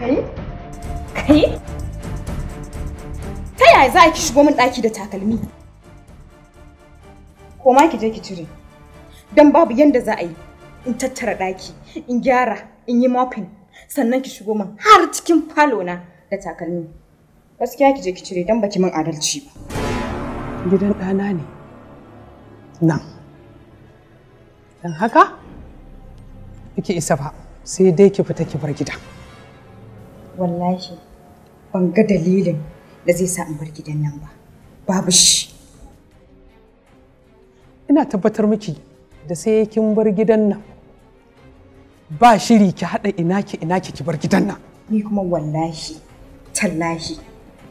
Kai? Kai? Ta yaya za ki shigo min ɗaki da takalmi? Ko ma ki je ki cire. Don babu yanda za a yi in tattara ɗaki, in gyara, in yi mopping, sannan ki shigo min har cikin falona da takalmi. Gaskiya ki je ki cire don baki min adalci ba. Gidan ɗana ne. Nan. Don haka? Ki isa ba, sai dai ki fita ki bar gidan. Wallahi, ban ga dalilin da zai sa in bar gidan nan ba. Babu shi. Ina tabbatar miki da sai kin bar gidan nan. Ba shiri ki haɗa ina ki ina ki ki bar gidan nan. Ni kuma wallahi, tallahi,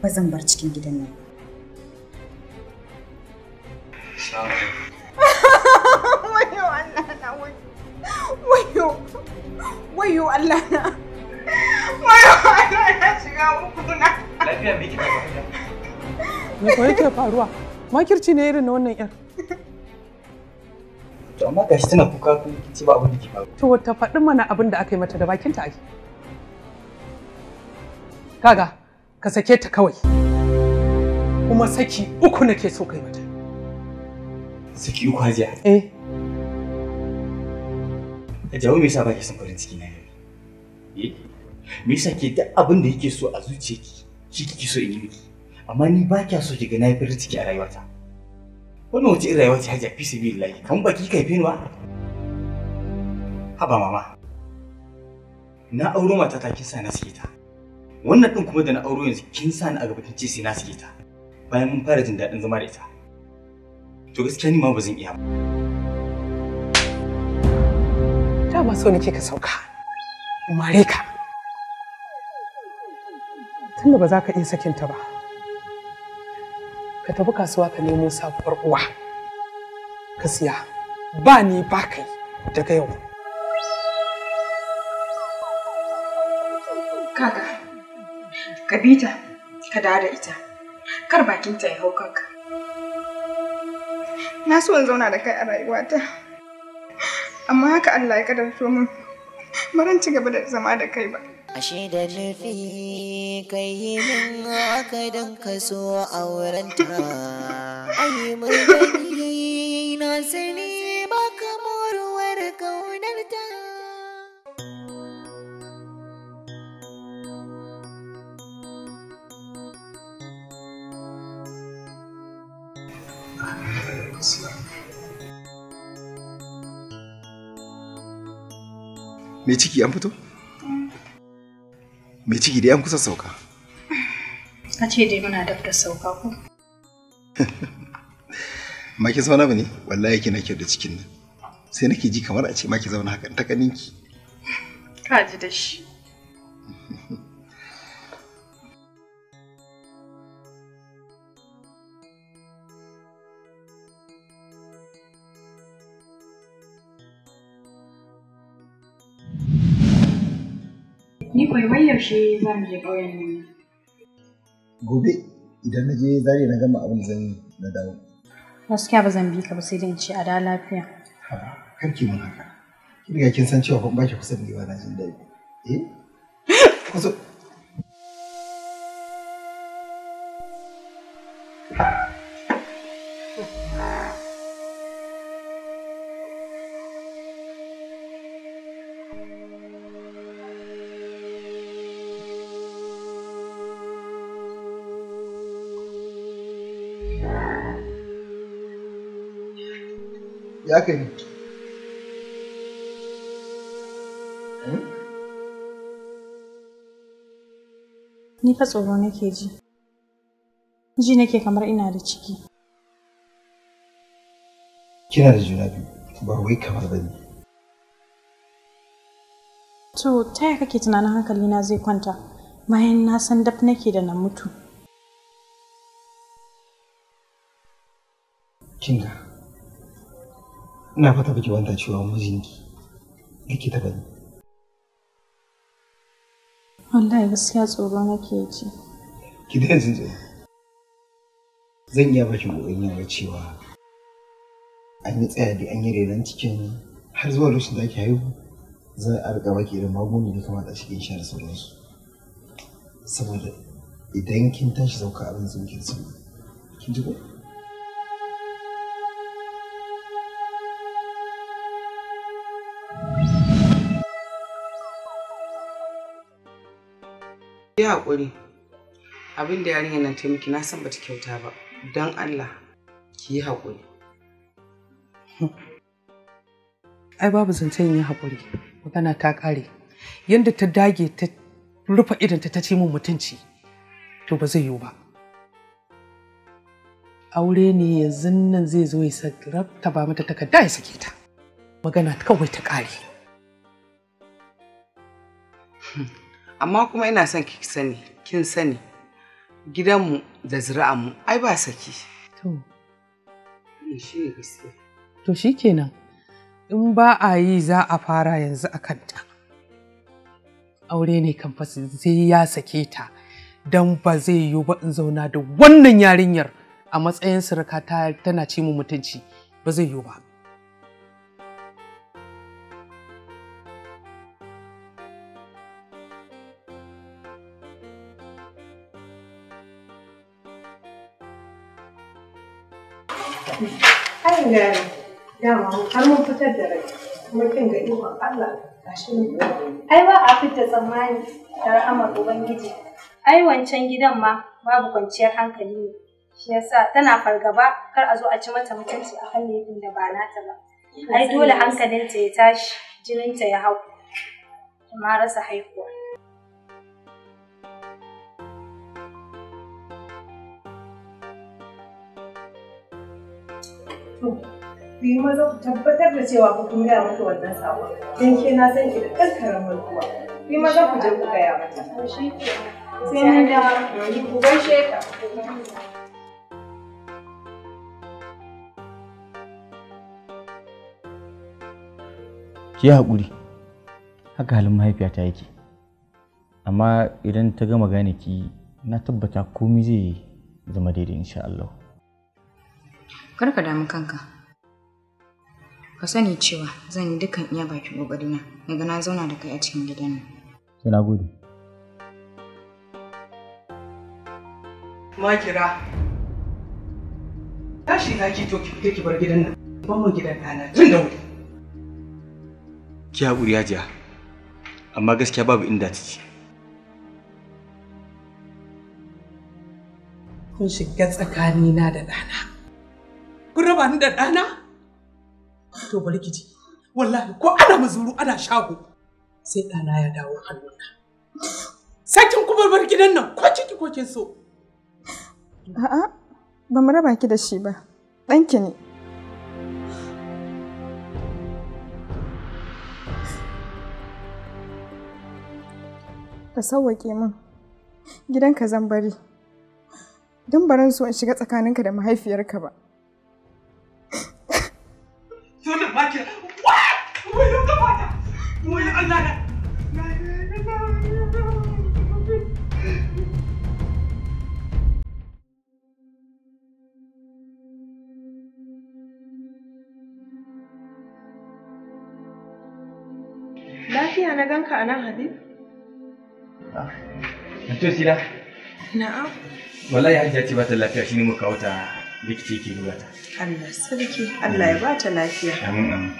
ba zan bar cikin gidan nan. me yake faruwa makirci ne irin na wannan yar to amma gashi tana kuka ko kici ba abin da ke faru to ta faɗi mana abin da aka yi mata da bakin ta ake kaga ka sake ta kawai kuma saki uku nake so kai mata saki uku hajiya eh Jawo me yasa baki son farin ciki na yau? Eh? Me yasa ke duk abin da yake so a zuciyarki, shi kike so in yi miki? amma ni ba kya so kiga na yi farin ciki a rayuwata wannan wace irin rayuwa ce hajji fi sabi lillahi kan baki kai fi ba haba mama na auro mata ta kin sa na sike ta wannan din kuma da na auro yanzu kin sa ni a gaba kince sai na sike ta bayan mun fara jin daɗin zama da ita to gaskiya ni ma ba zan iya ba dama so nake ka sauka mare ka tunda ba za ka iya sakinta ba ka tafi kasuwa ka nemo sabuwar uwa ka siya ba ni ba kai daga yau kaka ka bi ta ka dawo da ita kar bakinta ya hau kanka na so in zauna da kai a rayuwata amma haka Allah ya kadarto min baran ci gaba da zama da kai ba ashe da nufi kai min haka don ka so aurenta ai mun gani na sani baka moruwar kaunarta Me ciki an fito? me ciki dai an kusa sauka a ce dai muna daf da sauka ko ma zauna ba ne wallahi kina kyau da cikin nan sai nake ji kamar a ce ma zauna haka ta kaninki ka ji da shi Ni za mu je Gobe idan na je zare na gama abin da zan yi na dawo. Gaskiya ba zan bi ka ba sai dai in ce a da lafiya. Kar ki mun haka. Kin riga kin san cewa ban ba ki kusa da ni ba na jin daɗi. Eh? Kusa aka yi ni fa tsoro nake ji ji nake kamar ina da ciki kina da juna biyu ba wai kamar ba ne to ta yaya kake tunanin hankali na zai kwanta bayan na san daf nake da na mutu kinga ina fata baki wanda cewa mijinki likita ba ne wallahi gaskiya tsoro nake ji ki da yanzu tsoro zan iya baki goyon yawa cewa an yi tsayadi an yi renon cikin har zuwa lokacin da ake haihu za a rika baki irin magunguna da kamata a cikin sha sauransu saboda idan kin tashi sauka abin sun kin sun kin ji ko yi haƙuri. Abin da yarinyar nan ta miki na san bata kyauta ba. Don Allah ki yi haƙuri. Ai babu zancen yin haƙuri. Magana ta ƙare. yadda ta dage ta rufe idanta ta ce min mutunci. To ba zai yiwu ba. Aure ne yanzu nan zai zo ya sa ta ba mata takarda ya sake ta. Magana kawai ta ƙare. amma kuma ina son ki sani kin sani gidanmu da zuri'anmu ai ba saki to eh, shi ne gaskiya to shikenan in ba a yi za a fara yanzu a kanta aure ne kan fasi sai ya sake ta don ba zai yiwu ba in zauna da wannan yarinyar a matsayin surka tana ci mu mutunci ba zai yiwu ba ina fitar da rai kuma Allah ai ba a fita tsammani da ubangiji ai wancan gidan ma babu kwanciyar hankali ne shi yasa tana fargaba kar a zo a ci mata mutunci a hannun da ba nata ba ai dole hankalinta ya tashi jininta ya hau ma rasa haihuwa ku yi maza ku tabbatar da cewa ku kun gaya mata wannan sabo don ke na san ki da ɗan karamin ruwa. Ku yi maza ku je ku gaya mata. Sai mun da ku gaishe ka. Ki haƙuri, haka halin mahaifiyata yake. Amma idan ta gama gane ki na tabbata komai zai zama daidai insha Allah. kar ka damu kanka ka sani cewa zan yi dukkan iya bakin ƙoƙarina daga na zauna da kai a cikin gidan nan sai na gode makira tashi na ki to ki fita ki bar gidan nan ban mu gidan ɗana tun da wuri ki haƙuri jiya. amma gaskiya babu inda ciki kun shiga tsakanina da ɗana raba ni da ɗana? To bari ki ji. Wallahi ko ana mazuru ana shago sai ɗana ya dawo hannunka. Sakin kuma bar gidan nan ko ciki ko kin so. A'a ba mu raba ki da shi ba. Ɗanki ne. Ka sawwaƙe min. Gidanka zan bari. Don baran su in shiga tsakaninka da mahaifiyarka ba. da na ganka a nan Habib? Mutum ah, Sila? Na'am. Wallahi Hajiya ce ba ta lafiya ne muka kawo ta likita yake duba ta. Allah sarki, Allah ya ba ta lafiya. Amin amin.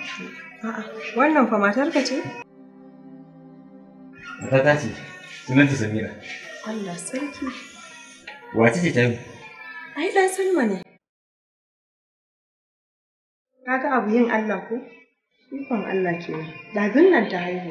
A'a, wannan fa matarka ce? ta ce, ta Samira. Allah sarki. Wace ce ta yi? Ai ɗan Salma ne. Kaga abu yin Allah ko? Ikon Allah ke Da Dazun nan ta haihu.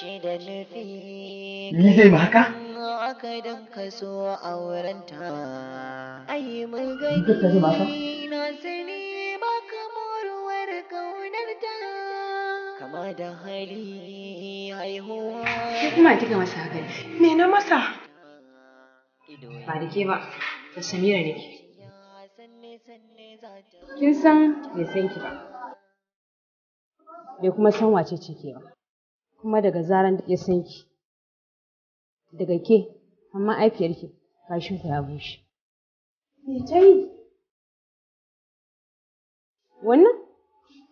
ni zai ma haka mun maka shi kuma me na masa ba da ke ba da kin san bai san ki ba bai kuma san wace ce ke ba kuma daga zaran ya san ki daga ke amma aifiyarki kashin ku ya bushe me ta yi wannan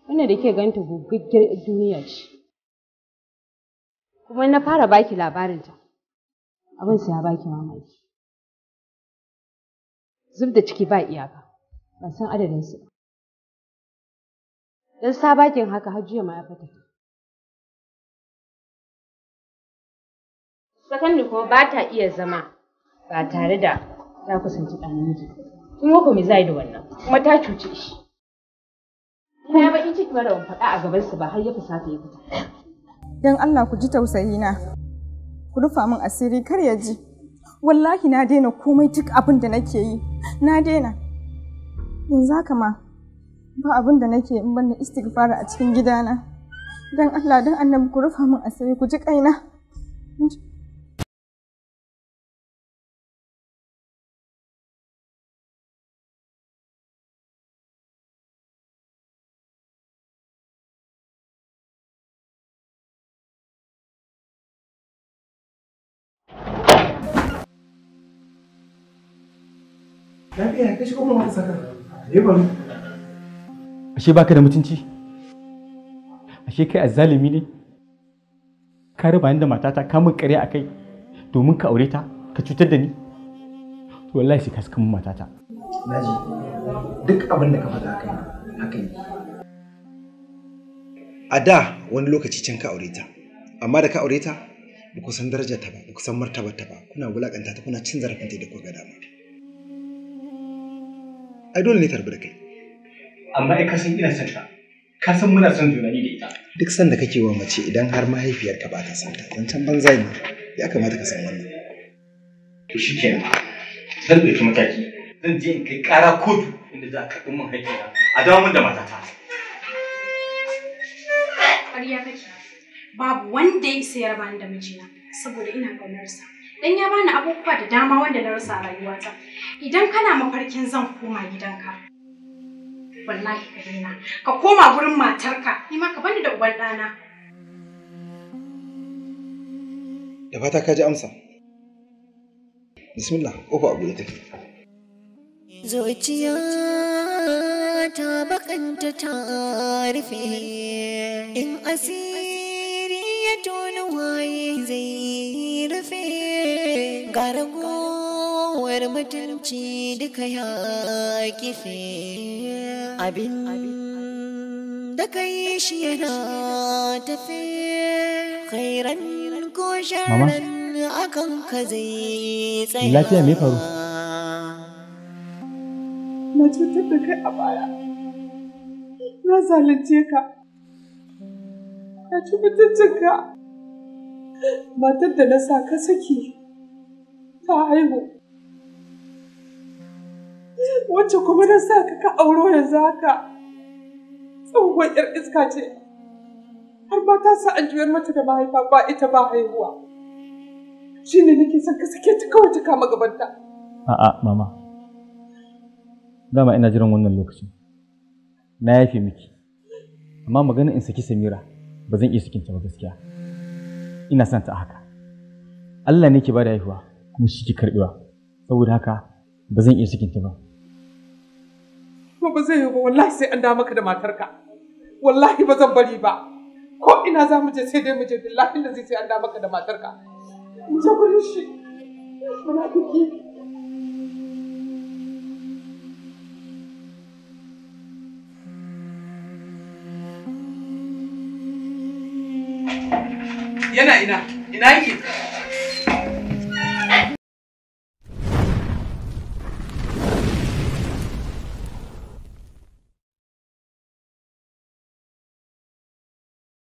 wannan da ke ganta guguggiyar duniya ce kuma na fara baki labarinta abin sai ya baki mamaki zub da ciki ba iyaka ban san adadinsu don sabakin haka har jiya ma ya fata Secondly kuma ba ta iya zama ba tare da ta kusanci ɗan namiji. Kin ga ko me zai da wannan? Kuma ta cuce shi. Ina in ciki mara in faɗa a gaban su ba har ya ta yi fita. Dan Allah ku ji tausayi na. Ku rufa min asiri kar ya ji. Wallahi na daina komai duk abin da nake yi. Na daina. Yanzu haka ma ba abin da nake in ban da istighfara a cikin gidana. Dan Allah dan annabi ku rufa min asiri ku ji kaina. Lafiya ka shigo mama saka. Je bari. Ashe baka da mutunci? Ashe kai azzalimi ne? Ka raba ni da matata ka mun a kai domin ka aure ta ka cutar da ni. To wallahi sai ka saka mun matata. Naji duk abin da ka faɗa kai haka ne. A da wani lokaci can ka aure ta, amma da ka aure ta ba ku san darajar ta ba, ba ku san martabar ta ba, kuna wulaƙanta ta kuna cin zarafin ta da ku ga dama. ai dole ne tarbi da kai amma ai ka ina son ta Kasan muna son juna ni da ita duk sanda kake wa mace idan har mahaifiyarka ba ta san ta don can banza ne ya kamata ka san wannan to shikenan zan ɗauki mataki zan je in kai ƙara kotu inda za a karɓi min haƙƙina a dama min da matata ƙarya kake babu wanda ya sayar ya raba ni da mijina saboda ina ƙaunarsa Dan ya bani abubuwa da dama wanda na rasa rayuwata. Idan kana mafarkin zan koma gidanka. Wallahi ka daina. Ka koma gurin matarka. Ni ma ka bani da uban ɗana. Da fata ka ji amsa. Bismillah, kofa a buɗe take. Zuciya ta bakanta ta rufe in asiri ya tona waye zai rufe. ga ragowar mutunci duka ya kife abin da kai shi yana tafe khairan ko sharan akan ka zai tsaya lafiya mai faru na cutar da kai a baya na zalunce ka na ci mutuncinka matar da na sa ka saki ka haihu wacce kuma na sa ka ka auro yanzu haka tsohuwar yar iska ce har ma ta sa an juyar mata da mahaifa ba ita ba haihuwa ne nake son ka sake ta kawai ta kama gabanta a'a mama dama ina jiran wannan lokacin na yafe miki amma magana in saki samira ba zan iya sakinta ba gaskiya ina son ta haka Allah ne ke ba da haihuwa kuma shi ke karɓewa saboda haka ba zan iya sakinta ba kuma ba zai yi ba wallahi sai an da maka da matarka wallahi ba zan bari ba ko ina za mu je sai dai mu je billahi da zai sai an da maka da matarka mu je gurin shi munafiki yana ina ina yake